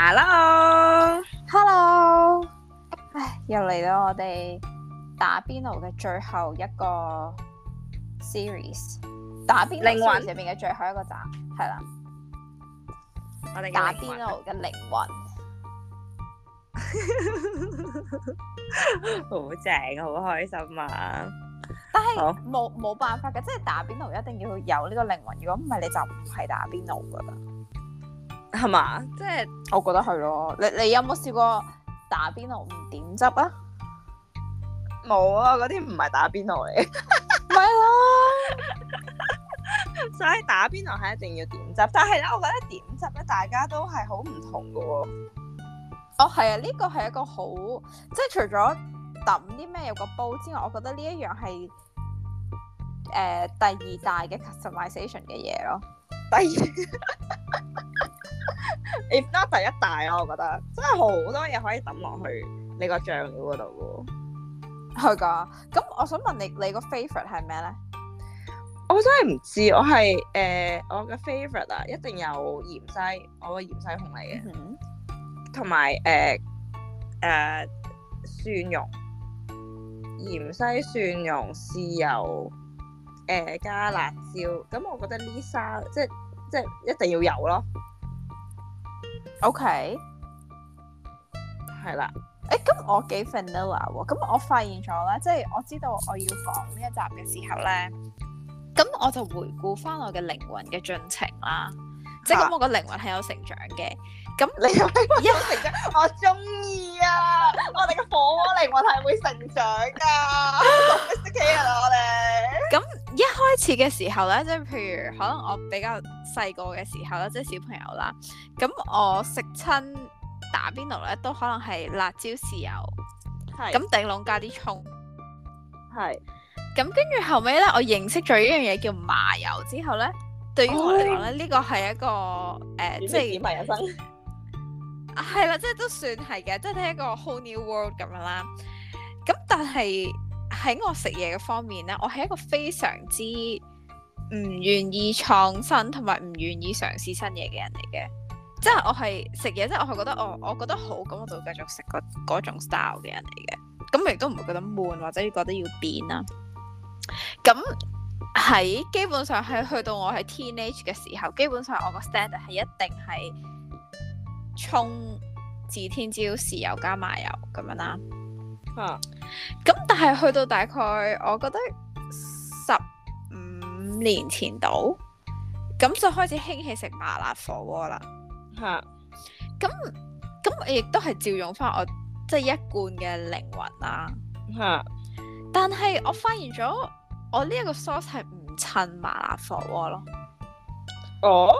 哈嘍，哈嘍，唉，又嚟到我哋打邊爐嘅最後一個 series，打邊爐上邊嘅最後一個站，係啦，打邊爐嘅靈魂，好正，好 開心啊！但係冇冇辦法嘅，即係打邊爐一定要有呢個靈魂，如果唔係你就唔係打邊爐噶啦。係嘛，即係是 我覺得係。咯。你你有冇試過打邊爐唔點汁啊？冇啊，嗰啲唔係打邊爐嚟。唔係咯，所以打邊爐係一定要點汁，但係咧，我覺得點汁咧大家都係好唔同噶喎。哦，係、哦、啊，呢、這個係一個好即係除咗揼啲咩有個煲之外，我覺得呢一樣係誒第二大嘅 customisation 嘅嘢咯。第二。 If not 第一大咯，我覺得真係好多嘢可以抌落去你個醬料嗰度噶係噶咁我想問你，你個 favorite 係咩咧？我真係唔知，我係誒，我嘅 favorite 啊，一定有芫茜，我個芫茜紅嚟嘅，同埋誒誒蒜蓉，芫茜蒜蓉，豉油，誒加辣椒，咁我覺得呢三即係即係一定要有咯。O K，係啦，誒 Okay .，咁、 欸、我幾份 i n a 咁我發現咗啦，即、就、係、是、我知道我要講呢一集嘅時候咧，咁我就回顧翻我嘅靈魂嘅進程啦，啊、即係咁我個靈魂係有成長嘅，咁你有咩成長？ 我中意啊， 我哋嘅火鍋靈魂係會成長噶，星期日我哋。一開始嘅時候咧，即係譬如可能我比較細個嘅時候啦，嗯、即係小朋友啦，咁我食親打邊爐咧，都可能係辣椒豉油，係咁頂籠加啲葱，係咁跟住後尾咧，我認識咗一樣嘢叫麻油之後咧，對於我嚟講咧，呢、哎、個係一個誒、呃，即係點係人生啊，係啦，即係都算係嘅，即、就、係、是、一個 whole new world 咁樣啦，咁但係。但喺我食嘢嘅方面咧，我係一個非常之唔願意創新同埋唔願意嘗試新嘢嘅人嚟嘅。即係我係食嘢，即係我係覺得我我覺得好，咁我就繼續食嗰種 style 嘅人嚟嘅。咁亦都唔會覺得悶，或者覺得要變啦、啊。咁喺基本上係去到我喺 teenage 嘅時候，基本上我個 standard 係一定係蔥、指天椒、豉油加麻油咁樣啦。啊！咁、嗯、但係去到大概，我覺得十五年前度，咁就開始興起食麻辣火鍋啦。係咁，咁我亦都係照用翻我即係、就是、一貫嘅靈魂啦。係、嗯，但係我發現咗，我呢一個 sauce 係唔襯麻辣火鍋咯。哦，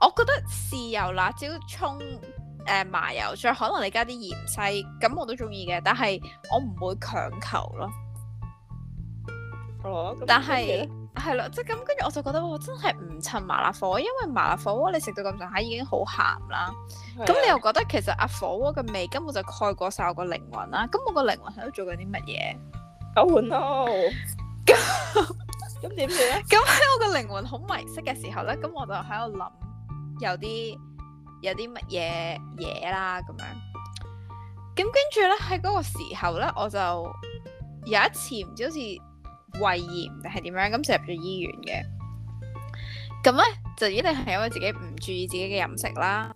我覺得豉油、辣椒、蔥、蔥誒、呃、麻油，再可能你加啲芫荽，咁我都中意嘅。但係我唔會強求咯。哦、但係係咯，即係咁，跟、就、住、是、我就覺得我真係唔襯麻辣火鍋，因為麻辣火鍋你食到咁上下已經好鹹啦。咁的你又覺得其實阿火鍋嘅味根本就蓋過晒我個靈魂啦。咁我個靈魂喺度做緊啲乜嘢？Oh no！咁咁點算咧？咁喺我個靈魂好迷失嘅時候咧，咁我就喺度諗，有啲。有啲乜嘢嘢啦咁樣，咁跟住咧喺嗰個時候咧，我就有一次唔知好似胃炎定係點樣，咁就入咗醫院嘅。咁咧就一定係因為自己唔注意自己嘅飲食啦。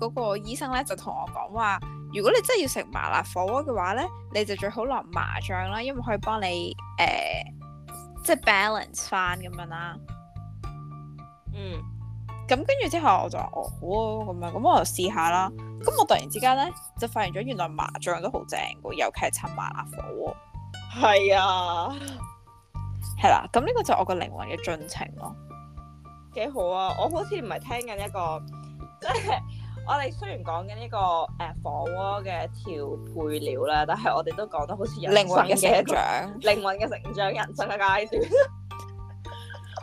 嗰個醫生咧就同我講話，如果你真係要食麻辣火鍋嘅話咧，你就最好落麻醬啦，因為可以幫你誒、呃、即係 balance 翻咁樣啦。嗯。咁跟住之後，我就話哦好啊咁樣，咁我就試下啦。咁我突然之間咧，就發現咗原來麻醬都好正嘅，尤其係襯麻辣火鍋喎。係啊，係啦。咁呢個就我個靈魂嘅進程咯。幾好啊！我好似唔係聽緊一個，即 係我哋雖然講緊呢個誒、呃、火鍋嘅調配料咧，但係我哋都講得好似有人靈魂嘅成長，靈魂嘅成長，人生嘅階段。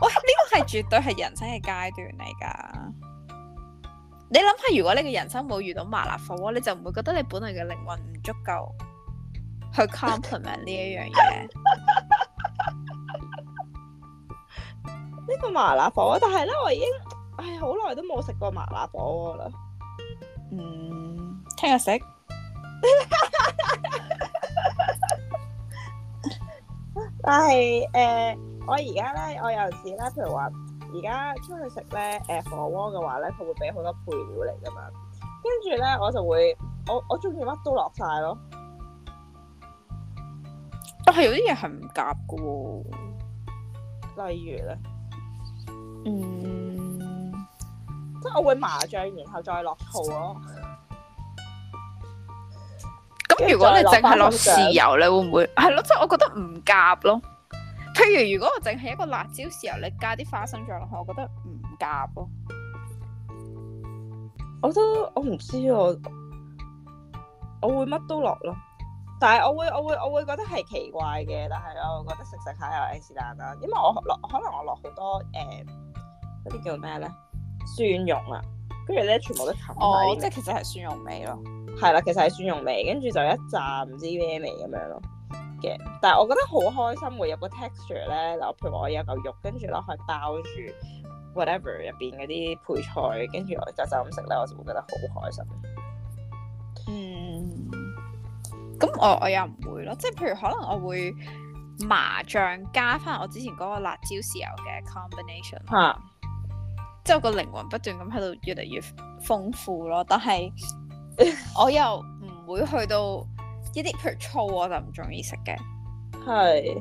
喂，呢個係絕對係人生嘅階段嚟㗎。你諗下，如果你嘅人生冇遇到麻辣火鍋，你就唔會覺得你本來嘅靈魂唔足夠去 complement 呢一樣嘢，呢個麻辣火鍋，但係咧，我已經唉好耐都冇食過麻辣火鍋啦。嗯，聽日食。但係誒。我而家咧，我有時咧，譬如話，而家出去食咧，誒火鍋嘅話咧，佢會俾好多配料嚟㗎嘛。跟住咧，我就會，我我中意乜都落晒咯。但係有啲嘢係唔夾㗎喎，例如咧，嗯，即係我會麻醬，然後再落醋咯。咁如，如果你淨係落豉油，你會唔會係咯？即係我覺得唔夾咯。譬如如果我淨係一個辣椒豉油，你加啲花生醬落去，我覺得唔夾咯。我都我唔知我，我會乜都落咯。但係我會我會我會覺得係奇怪嘅，但係我覺得食食下又係是但啦。因為我落可能我落好多誒啲、嗯、叫咩咧蒜蓉啊，跟住咧全部都冚埋。哦，即係其實係蒜蓉味咯，係啦，其實係蒜蓉味，跟住就一紮唔知咩味咁樣咯。嘅，但係我覺得好開心喎！有個 texture 咧，嗱，譬如我有嚿肉，跟住攞去包住 whatever 入邊嗰啲配菜，跟住我就就咁食咧，我就會覺得好開心。嗯，咁我我又唔會咯，即係譬如可能我會麻醬加翻我之前嗰個辣椒豉油嘅 combination 嚇、啊，即係我個靈魂不斷咁喺度越嚟越豐富咯，但係我又唔會去到。 一啲皮醋我就唔中意食嘅，係誒是、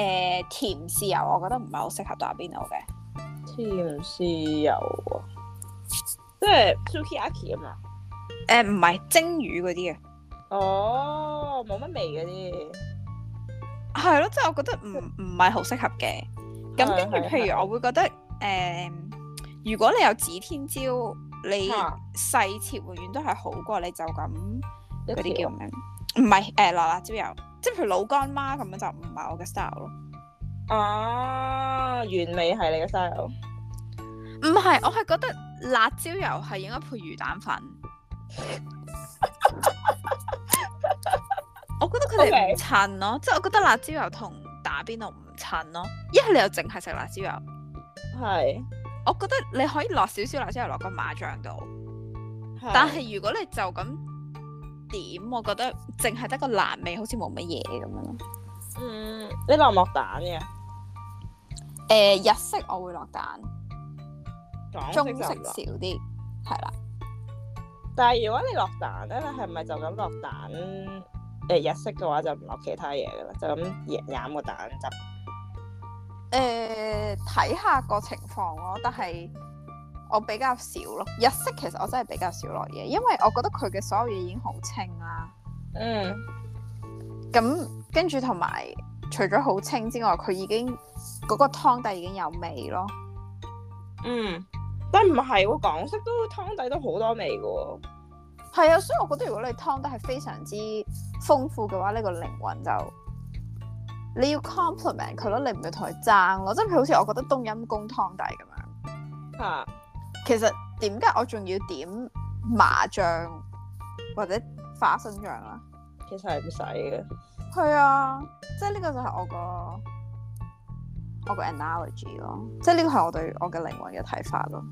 呃、甜豉油，我覺得唔係好適合打邊爐嘅甜豉油即係 sukiyaki 啊嘛，唔係蒸魚嗰啲嘅哦，冇乜味嗰啲係咯，即係、就是、我覺得唔唔係好適合嘅。咁跟住，譬如我會覺得誒，如果你有指天椒，你細切永遠都係好過，你就咁，嗰啲叫咩？唔係，誒落、呃、辣椒油，即係譬如老乾媽咁樣就唔係我嘅 style 咯。啊，原味係你嘅 style。唔係，我係覺得辣椒油係應該配魚蛋粉。 我覺得佢哋唔襯咯，Okay. 即係我覺得辣椒油同打邊爐唔襯咯。一係你又淨係食辣椒油，係是。我覺得你可以落少少辣椒油落個麻醬度，是但係如果你就咁。點？我覺得淨係得個辣味，好似冇乜嘢咁樣咯。嗯，你落唔落蛋嘅？誒、呃，日式我會落蛋，中式少啲，係啦。但係如果你落蛋咧，你係咪就咁落蛋？誒、呃，日式嘅話就唔落其他嘢噶啦，就咁飲個蛋汁。誒、呃，睇下個情況咯，但係。我比較少咯，日式其實我真係比較少落嘢，因為我覺得佢嘅所有嘢已經好清啦、啊。嗯。咁跟住同埋，除咗好清之外，佢已經嗰、那個湯底已經有味咯。嗯，但唔係喎，港式都湯底都好多味嘅喎。係啊，所以我覺得如果你湯底係非常之豐富嘅話，呢、這個靈魂就你要 complement 佢咯，你唔要同佢爭咯。即係譬如好似我覺得冬陰功湯底咁樣。係、啊。其實點解我仲要點麻醬或者花生醬咧？其實係唔使嘅。係啊，即係呢個就係我，我、就是、個我個 analogy 咯，即係呢個係我對我嘅靈魂嘅睇法咯。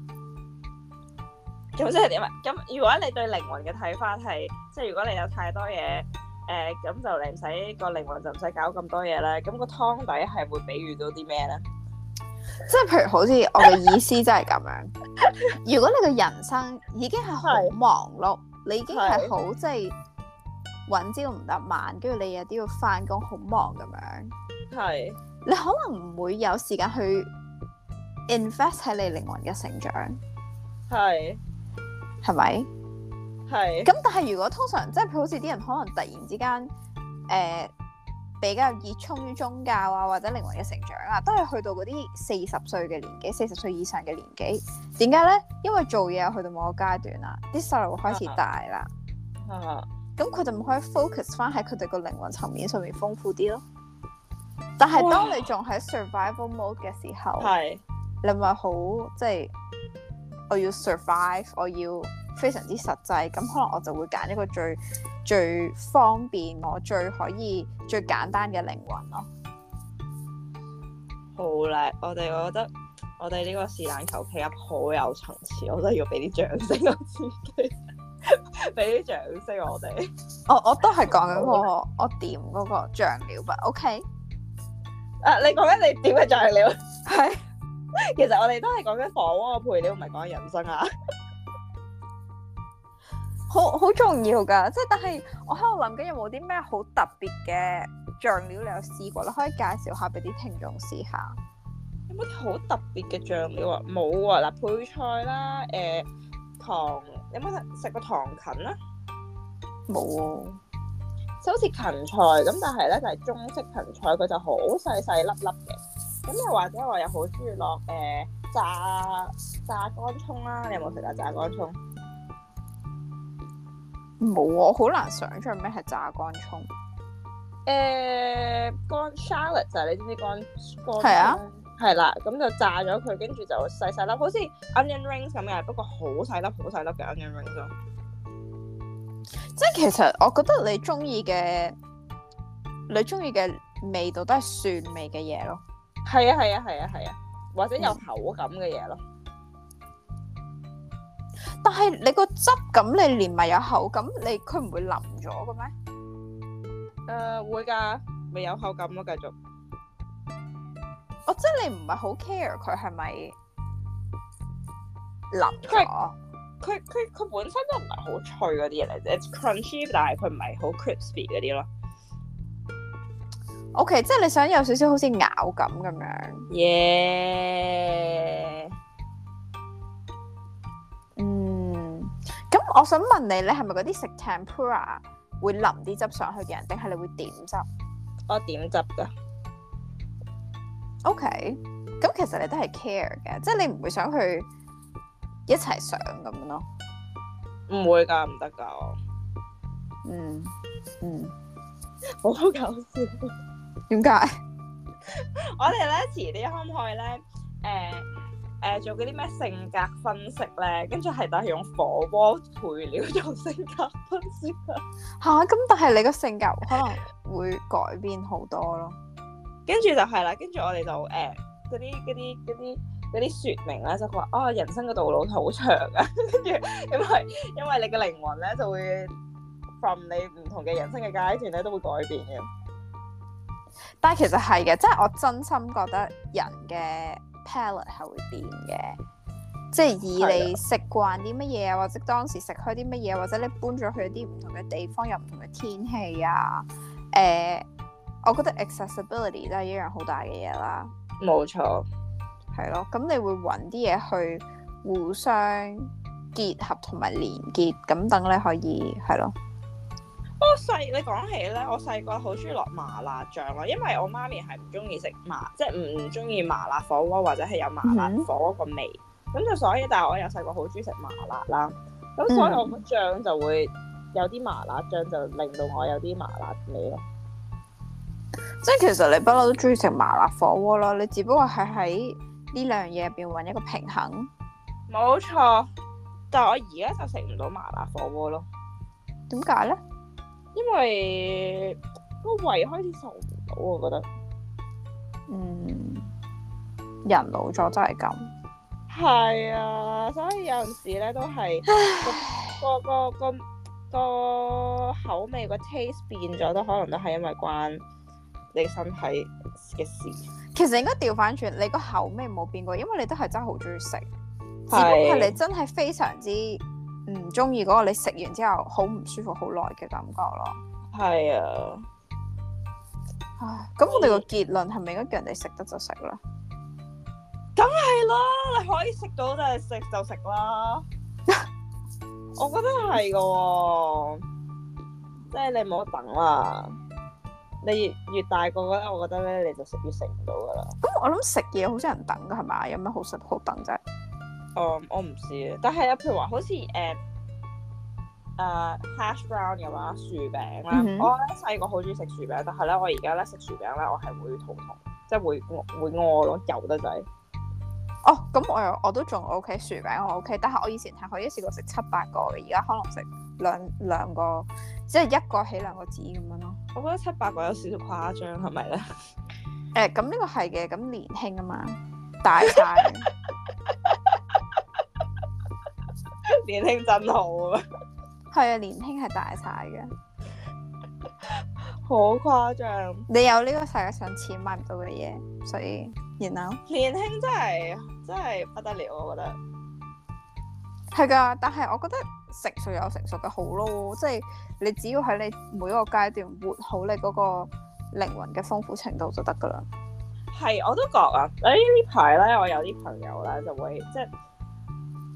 咁、嗯、即係點啊？咁、嗯嗯、如果你對靈魂嘅睇法係，即、就、係、是、如果你有太多嘢誒，咁、呃、就你唔使、那個靈魂就唔使搞咁多嘢咧。咁、那個湯底係會比喻到啲咩咧？即係譬如好似我嘅意思真係咁樣。如果你嘅人生已經係好忙碌，是你已經係好是即係搵朝唔得晚，跟住你日都要翻工，好忙咁樣。係。你可能唔會有時間去 invest 喺你靈魂嘅成長。係。係咪？係。咁但係如果通常即係譬如好似啲人可能突然之間誒。呃比較熱衷於宗教啊，或者靈魂嘅成長啊，都係去到嗰啲四十歲嘅年紀，四十歲以上嘅年紀。點解咧？因為做嘢去到某個階段啦，啲細路開始大啦。咁佢、uh huh. uh huh. 就唔可以 focus 翻喺佢哋個靈魂層面上面豐富啲咯。但係當你仲喺 survival mode 嘅時候，係、uh huh. 你咪好即係。就是我要 survive，我要非常之實際，咁可能我就會揀一個最最方便、我最可以、最簡單嘅靈魂咯。好叻！我哋我覺得我哋呢個是但求其啊好有層次，我都要俾啲掌聲 其實笑我自己，俾啲掌聲我哋、那個。我我都係講緊個我點嗰個醬料吧。O、okay. K、uh。你講緊你點嘅醬料？係。 其實我哋都係講緊火鍋配料，唔係講人生啊！ 好好重要噶，即係但係我喺度諗緊有冇啲咩好特別嘅醬料你有試過，你可以介紹下俾啲聽眾試下。有冇啲好特別嘅醬料啊？冇喎，嗱，配菜啦，誒、呃、糖，有冇食食過糖芹啊？冇哦，就好似芹菜咁，但係咧就係中式芹菜，佢就好細細粒粒嘅。咁又或者我又好中意落誒炸炸乾蔥啦，你有冇食到炸乾蔥？冇啊，我好難想象咩係炸乾蔥。誒乾 shallot 就係你知唔知乾乾？係啊，係啦，咁就炸咗佢，跟住就細細粒，好似 onion rings 咁樣，不過好細粒、好細粒嘅 onion rings 咯。即係其實我覺得你中意嘅你中意嘅味道都係蒜味嘅嘢咯。係啊，係啊，係啊，係啊，啊，或者有口感嘅嘢咯。但係你個汁咁，你連埋有口感，你佢唔會淋咗嘅咩？誒、呃，會噶，咪有口感咯。繼續、哦。我即係你唔係好 care 佢係咪淋咗？佢佢佢本身都唔係好脆嗰啲嚟啫，crunchy，但係佢唔係好 crispy 嗰啲咯。OK，即係你想有少少好似咬咁咁樣。耶，Yeah. 嗯，咁我想問你，你係咪嗰啲食 tempura 會淋啲汁上去嘅人，定係你會點汁？我點汁噶。O K，咁其實你都係 care 嘅，即係你唔會想去一齊上咁樣咯。唔會噶，唔得噶。嗯嗯， 我好很搞笑。， 點解？ 我哋咧，遲啲可唔可以咧？誒、呃、誒、呃，做嗰啲咩性格分析咧？跟住係都係用火鍋配料做性格分析吓，咁、啊、但係你個性格可能會改變好多咯。跟住 就係啦，跟住我哋就誒嗰啲嗰啲嗰啲嗰啲說明咧，就話哦，人生嘅道路好長啊！跟 住因為因為你嘅靈魂咧，就會從你唔同嘅人生嘅階段咧，都會改變嘅。但係其實係嘅，即係我真心覺得人嘅 palate 係會變嘅，即係以你食慣啲乜嘢，的或者當時食開啲乜嘢，或者你搬咗去啲唔同嘅地方，有唔同嘅天氣啊，誒、呃，我覺得 accessibility 都係一樣好大嘅嘢啦。冇錯錯，係咯，咁你會揾啲嘢去互相結合同埋連結，咁等你可以係咯。不過細你講起咧，我細個好中意落麻辣醬咯，因為我媽咪係唔中意食麻，即係唔中意麻辣火鍋或者係有麻辣火鍋個味，咁、嗯、就所以，但係我有細個好中意食麻辣啦，咁所以我個醬就會有啲麻辣醬，就令到我有啲麻辣味咯。嗯、即係其實你不嬲都中意食麻辣火鍋咯，你只不過係喺呢兩樣嘢入邊揾一個平衡。冇錯，但係我而家就食唔到麻辣火鍋咯。點解咧？因為個胃開始受唔到我覺得。嗯，人老咗真係咁。係啊，所以有陣時咧都係 個個個個個口味個 taste 變咗，都可能都係因為關你身體嘅事。其實應該調返轉，你個口味冇變過，因為你都係真係好中意食，只不過係你真係非常之。唔中意嗰個，你食完之後好唔舒服，好耐嘅感覺咯。係啊，唉，咁我哋個結論係咪應該叫人哋食得就食啦？梗係啦，你可以食到就係食就食啦、 哦。我覺得係噶，即係你唔好等啦。你越越大個咧，我覺得咧，你就食越食唔到噶啦。咁、嗯、我諗食嘢好少人等噶，係嘛？有咩好食好等啫？我我唔知啊，但係啊，譬如話好似誒誒 hash brown 嘅話，薯餅咧，mm hmm.，我咧細個好中意食薯餅，但係咧我而家咧食薯餅咧，我係會肚痛，即係會會餓咯，油得滯。哦，咁我又我都仲 OK 薯餅，我 OK，但係我以前係可以試過食七八個嘅，而家可能食兩兩個，即係一個起兩個止咁樣咯。我覺得七八個有少少誇張，係咪咧？誒、欸，咁呢個係嘅，咁年輕啊嘛，大晒。 年輕真好啊 張！係啊，年輕係大曬嘅，好誇張。你有呢個世界上錢買唔到嘅嘢，所以然後 you know? 年輕真係真係不得了，我覺得。係噶，但係我覺得成熟有成熟嘅好咯，即、就、係、是、你只要喺你每一個階段活好你嗰個靈魂嘅豐富程度就得噶啦。係，我都覺啊，誒，呢排咧，我有啲朋友咧就會即係。就是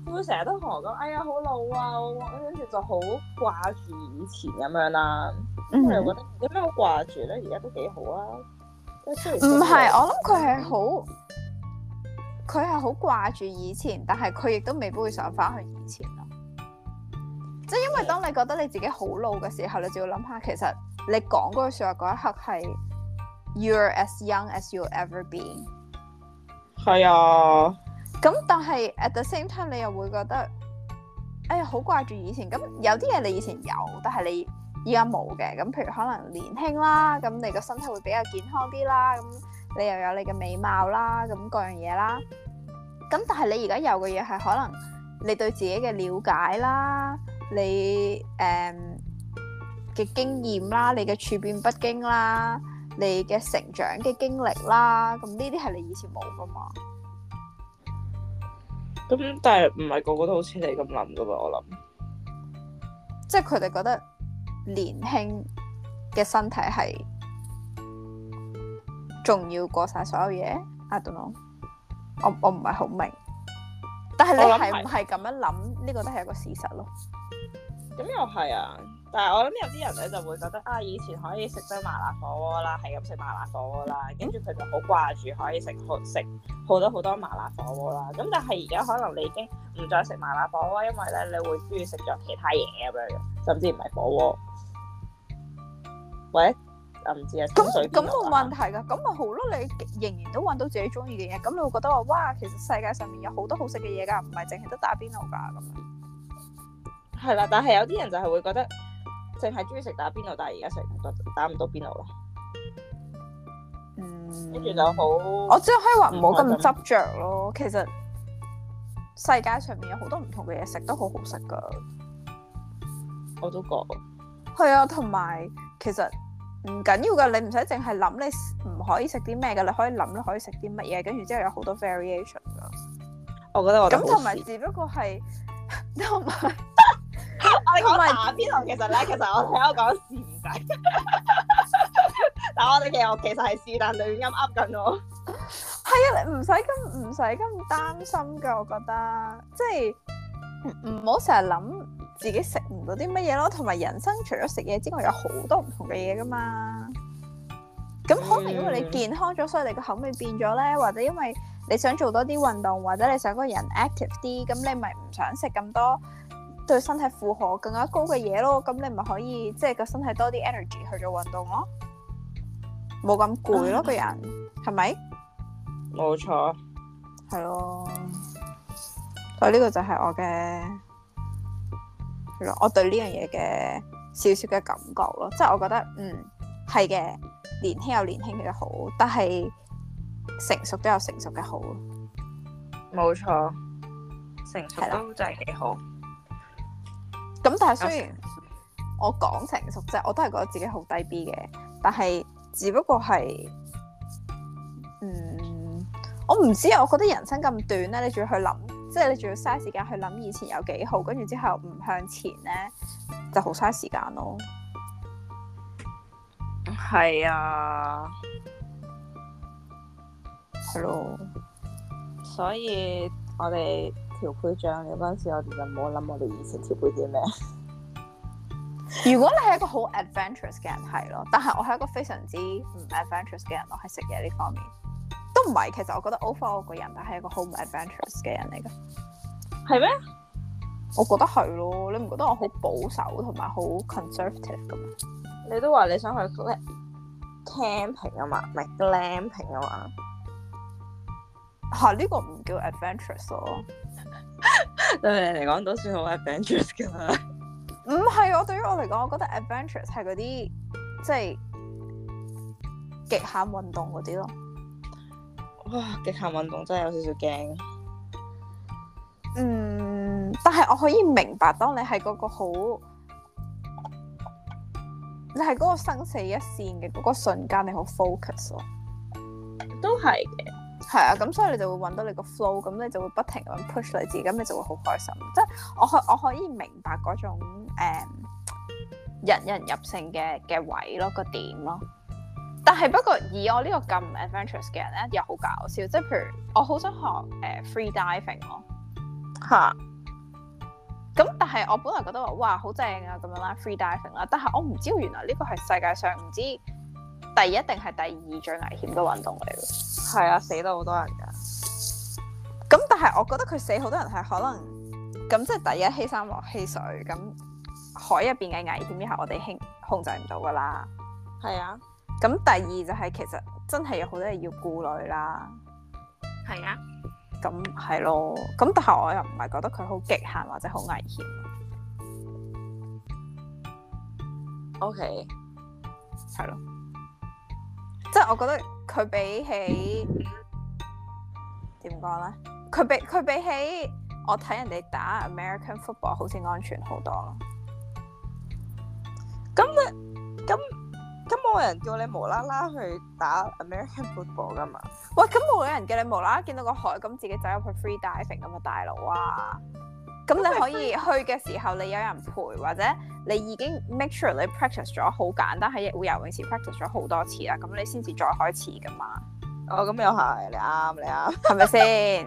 會唔會成日都同我講？哎呀，好老啊！跟住就好掛住以前咁樣啦，啊。Mm hmm. 我又覺得點解好掛住咧？而家都幾好啊。唔係，我諗佢係好，佢係好掛住以前，但係佢亦都未必會想翻去以前啦。即係因為當你覺得你自己好老嘅時候，mm hmm. 你就要諗下，其實你講嗰句説話嗰一刻係，you're as young as you'll ever be。係啊。咁但係 at the same time 你又會覺得，哎，好掛住以前。咁有啲嘢你以前有，但係你依家冇嘅。咁譬如可能年輕啦，咁你個身體會比較健康啲啦，咁你又有你嘅美貌啦，咁各樣嘢啦。咁但係你而家有嘅嘢係可能你對自己嘅了解啦，你誒嘅、嗯、經驗啦，你嘅處變不驚啦，你嘅成長嘅經歷啦，咁呢啲係你以前冇㗎嘛。咁但係唔係個個都好似你咁諗噶噃，我諗，即係佢哋覺得年輕嘅身體係重要過晒所有嘢，I don't know。我我唔係好明，但係你係唔係咁樣諗？呢個都係一個事實咯。咁又係啊。但係我諗有啲人咧就會覺得啊，以前可以食真麻辣火鍋啦，係咁食麻辣火鍋啦，跟住佢就好掛住可以食好食好多好多麻辣火鍋啦。咁但係而家可能你已經唔再食麻辣火鍋，因為咧你會鍾意食咗其他嘢咁樣，甚至唔係火鍋。喂，我唔知啊，咁咁冇問題㗎，咁咪好咯。你仍然都搵到自己鍾意嘅嘢，咁你會覺得話哇，其實世界上面有好多好食嘅嘢㗎，唔係淨係得打邊爐㗎咁。係啦，但係有啲人就係會覺得。淨係中意食打邊爐，但係而家食唔多，打唔到邊爐咯。嗯，跟住就好。我即係可以話唔好咁執着咯。 其實世界上面有好多唔同嘅嘢食，都好好食噶。我都覺。係啊，同埋其實唔緊要噶，你唔使淨係諗，你唔可以食啲咩噶，你可以諗，你可以食啲乜嘢，跟住之後有好多 variation 噶。我覺得我咁同埋，只不過係同埋。 我講難邊同其實咧，其實我喺度講是唔使，但係我哋其實其實係是，但係亂咁噏緊我。係啊，你唔使咁唔使咁擔心噶，我覺得即係唔唔好成日諗自己食唔到啲乜嘢咯。同埋人生除咗食嘢之外，有好多唔同嘅嘢噶嘛。咁可能因為你健康咗，所以你個口味變咗咧，或者因為你想做多啲運動，或者你想個人 active 啲，咁你咪唔想食咁多。對身體負荷更加高嘅嘢咯，咁你咪可以即係個身體多啲 energy 去做運動咯，冇咁攰咯，嗯、個人係咪？冇錯，係錯咯。所以呢個就係我嘅，係咯，我對呢樣嘢嘅少少嘅感覺咯。即係我覺得，嗯，係嘅，年輕有年輕嘅好，但係成熟都有成熟嘅好。冇錯，成熟都真係幾好。咁但係雖然我講成熟啫，我都係覺得自己好低 B 嘅，但係只不過係，嗯，我唔知啊。我覺得人生咁短咧，你仲要去諗，即係你仲要嘥時間去諗以前有幾好，跟住之後唔向前咧，就好嘥時間咯。係啊，係咯，所以我哋。調杯醬，嘅嗰陣時，我哋就唔好諗我哋以前調杯啲咩。 如果你係一個好 adventurous 嘅人，係咯。但係我係一個非常之唔 adventurous 嘅人咯，喺食嘢呢方面。都唔係，其實我覺得 over 我個人，但係一個好唔 adventurous 嘅人嚟噶。係咩嗎？我覺得係咯，你唔覺得我好保守同埋好 conservative 噶嘛？你都話你想去 camping 啊嘛，唔係 glamping 啊嘛？吓，呢個唔叫 adventurous 咯。 對你嚟講都算好 adventurous 噶啦、嗯，唔係我對於我嚟講，我覺得 adventurous 係嗰啲即係極限運動嗰啲咯。哇，極限運動真係有少少驚。嗯，但係我可以明白，當你係嗰個好，你係嗰個生死一線嘅嗰、嗰個瞬間你，你好 focus 咯。都係嘅。係啊，咁所以你就會搵到你個 flow，咁你就會不停咁 push 你自己，咁你就會好開心。即係我可我可以明白嗰種誒、嗯、人人入勝嘅嘅位咯，個點咯。但係不過以我這個這呢個咁 adventurous 嘅人咧，又好搞笑。即係譬如我好想學誒、呃、free diving 咯，吓哈。咁但係我本來覺得話哇好正啊，咁樣啦 free diving 啦，但係我唔知道原來呢個係世界上唔知第一定係第二最危險嘅運動嚟，嘅，係啊，死咗好多人噶。咁但係我覺得佢死好多人係可能，咁、嗯、即係第一，欺山落欺水，咁海入邊嘅危險一下我哋控控制唔到噶啦。係啊，咁第二就係、是、其實真係有好多嘢要顧慮啦。係啊，咁係咯，咁、啊、但係我又唔係覺得佢好極限或者好危險。O K，係咯。即係我覺得佢比起，點講咧？佢比佢比起我睇人哋打 American football 好似安全好多咯。咁咧，咁咁冇人叫你無啦啦去打 American football 噶嘛？喂，咁冇人叫你無啦啦見到個海咁自己走入去 free diving 咁嘅大佬啊！咁你可以去嘅時候，你有人陪，或者你已經 make sure 你 practice 咗好簡單，喺戶外游泳池 practice 咗好多次啦，咁你先至再開始噶嘛。哦，咁又係，你啱，你啱，係咪先？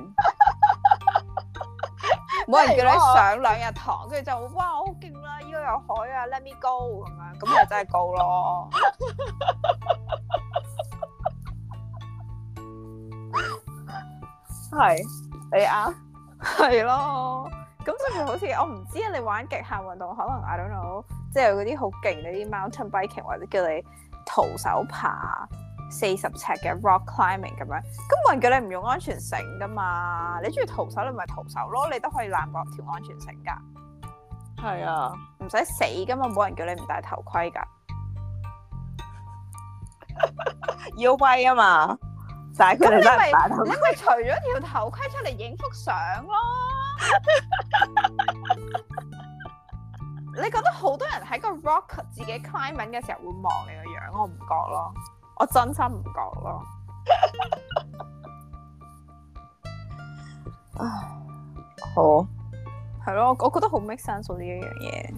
冇 人叫你上兩日堂，跟住、啊、就哇好勁啦！依個有海啊，Let me go 咁樣，咁又 真係高咯。係，你啱，係咯。咁即係好似我唔知啊！你玩極限運動可能 I don't know，即係有嗰啲好勁，嗰啲 mountain biking 或者叫你徒手爬四十尺嘅 rock climbing 咁樣，咁冇人叫你唔用安全繩㗎嘛？你中意徒手你咪徒手咯，你都可以攔過條安全繩㗎。係啊，唔使死㗎嘛，冇人叫你唔戴頭盔㗎。 要威啊嘛！那你 戴，咁你咪不你咪除咗條頭盔出嚟影幅相咯～ 你覺得好多人喺個 rock 自己 climbing 嘅時候會望你個樣，我唔覺咯，我真心唔覺咯。 唉，好，係咯，我我覺得好 make sense 呢、哦、一樣嘢。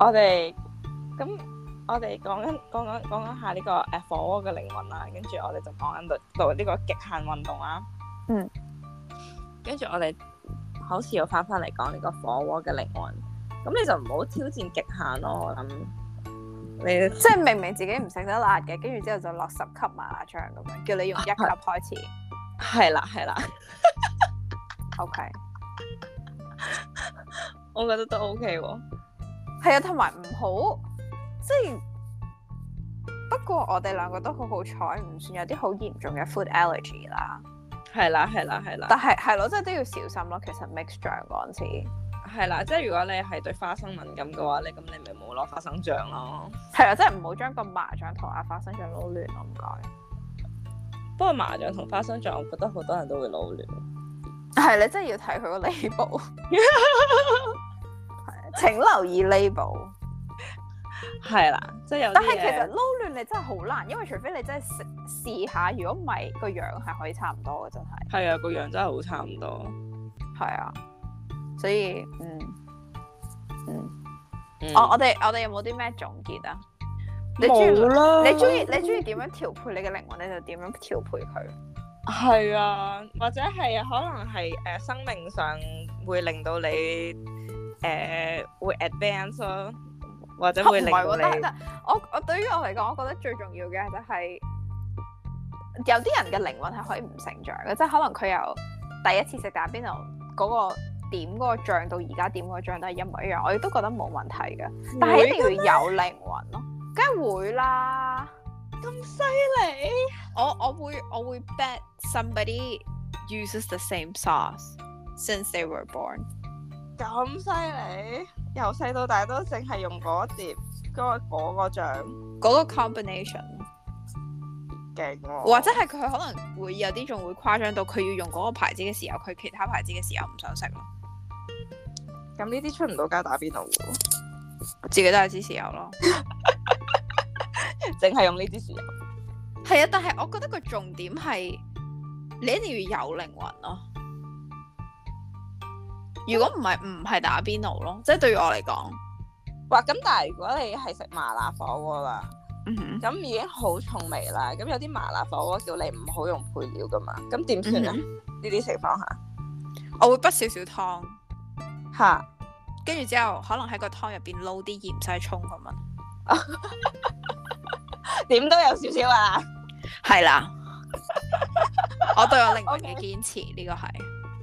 我哋咁，我哋講緊講講講講下呢個誒火鍋嘅靈魂啦、啊，跟住我哋就講緊度呢個極限運動啦、啊。嗯。跟住我哋好似又翻翻嚟講呢個火鍋嘅靈魂，咁你就唔好挑戰極限咯。我諗你即係明明自己唔食得辣嘅，跟住之後就落十級麻辣醬咁樣，叫你用一級開始，係啦係啦。 o Okay . K， 我覺得都 O K 喎。係啊、 OK，同埋唔好，即係不過我哋兩個都好好彩，唔算有啲好嚴重嘅 food allergy 啦。係啦，係啦，係啦。但係，係咯，即係都要小心咯。其實 mix 醬嗰陣時，係啦，即係如果你係對花生敏感嘅話，你咁你咪冇攞花生醬咯。係啊，即係唔好將個麻醬同阿花生醬撈亂咯，唔該。不過麻醬同花生醬，我覺得好多人都會撈亂。係你真係要睇佢個 label。係啊，請留意 label。係啦，即係有。但係其實撈亂你真係好難，因為除非你真係試試下，如果唔係個樣係可以差唔多嘅，真係。係啊，個樣真係好差唔多。係啊，所以嗯嗯，嗯哦、我我哋我哋有冇啲咩總結啊？你中意冇、嗯、啦。你中意你中意點樣調配你嘅靈魂，你就點樣調配佢。係啊，或者係可能係誒、呃、生命上會令到你誒、呃、會 advance 咯、哦。或者會令你，啊、我我對於我嚟講，我覺得最重要嘅就係有啲人嘅靈魂係可以唔成長嘅，即係可能佢由第一次食打邊爐嗰個點嗰個醬，到而家點嗰個醬都係一模一樣，我亦都覺得冇問題嘅。但係一定要有靈魂咯，梗係會，會啦，咁犀利！我我會我會 bet somebody uses the same sauce since they were born。咁犀利，由細到大都淨係用嗰碟嗰、嗰個、嗰個醬，嗰個 combination、哦、或者係佢可能會有啲仲會誇張到佢要用嗰個牌子嘅時候，佢其他牌子嘅時候唔想食咯。咁呢啲出唔到街打邊爐，自己都係支豉油咯，淨係 用呢啲豉油。係啊，但係我覺得個重點係你一定要有靈魂咯、啊。如果唔係唔係打邊爐咯，即係對於我嚟講，哇！咁但係如果你係食麻辣火鍋啦，咁、mm hmm. 已經好重味啦。咁有啲麻辣火鍋叫你唔好用配料噶嘛，咁點算啊？呢啲、mm hmm. 情況下，我會舀少少湯，嚇哈，跟住之後可能喺個湯入邊撈啲芫茜蔥咁 樣，點都有少少啊！係 啦， 我對我靈魂嘅堅持，呢個係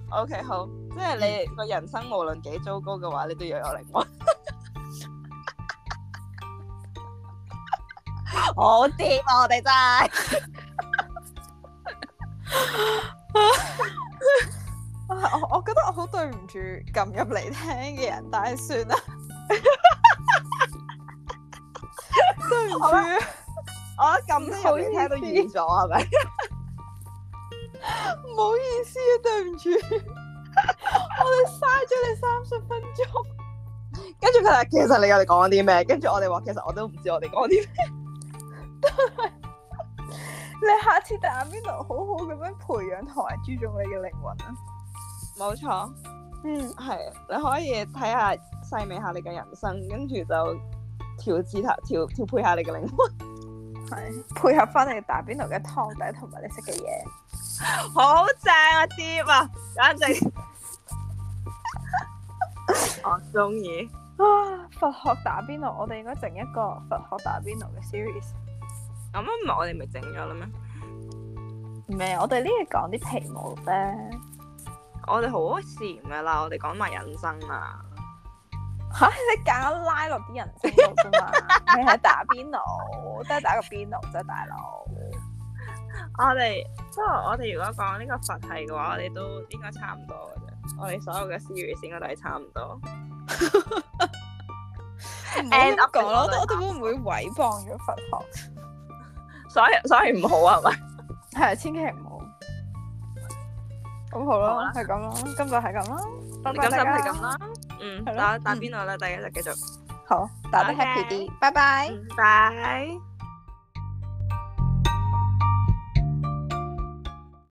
OK 好。即係你個人生無論幾糟糕嘅話，你都要有靈魂。我掂啊！我哋真係，我我覺得我好對唔住，撳入嚟聽嘅人，但係算啦。對唔住，我一撳入嚟聽都厭咗，係咪？唔好意思啊，對唔住。我哋嘥咗你三十分鐘，跟住佢話，其實你我哋講啲咩？跟住我哋話其實我都唔知我哋講啲咩。但係你下次打邊爐，好好咁樣培養同埋注重你嘅靈魂啊！冇錯，嗯係，你可以睇下細味下你嘅人生，跟住就調治下調調配下你嘅靈魂，係配合翻你打邊爐嘅湯底同埋你食嘅嘢，好正 啊啲啊，簡直～ 我中意啊！佛學打邊爐，我哋應該整一個佛學打邊爐嘅 series。咁唔係我哋咪整咗啦咩？唔係，我哋呢個講啲皮毛啫。我哋好禪噶啦，我哋講埋人生啊。吓，你揀拉落啲人生噶嘛？ 你係打邊爐， 都係打個邊爐啫，大佬。我哋即係我哋如果講呢個佛系嘅話，我哋都應該差唔多。我哋所有嘅 series 應該都係差唔多，唔好講咯，我哋會唔會毀謗咗佛學？所以所以唔好啊，係咪？係，千祈唔好。咁好啦，係咁啦，今日係咁啦，拜拜。今日係咁啦，嗯，打打邊度啦？大家就繼續。好，打得 happy 啲，拜拜，拜。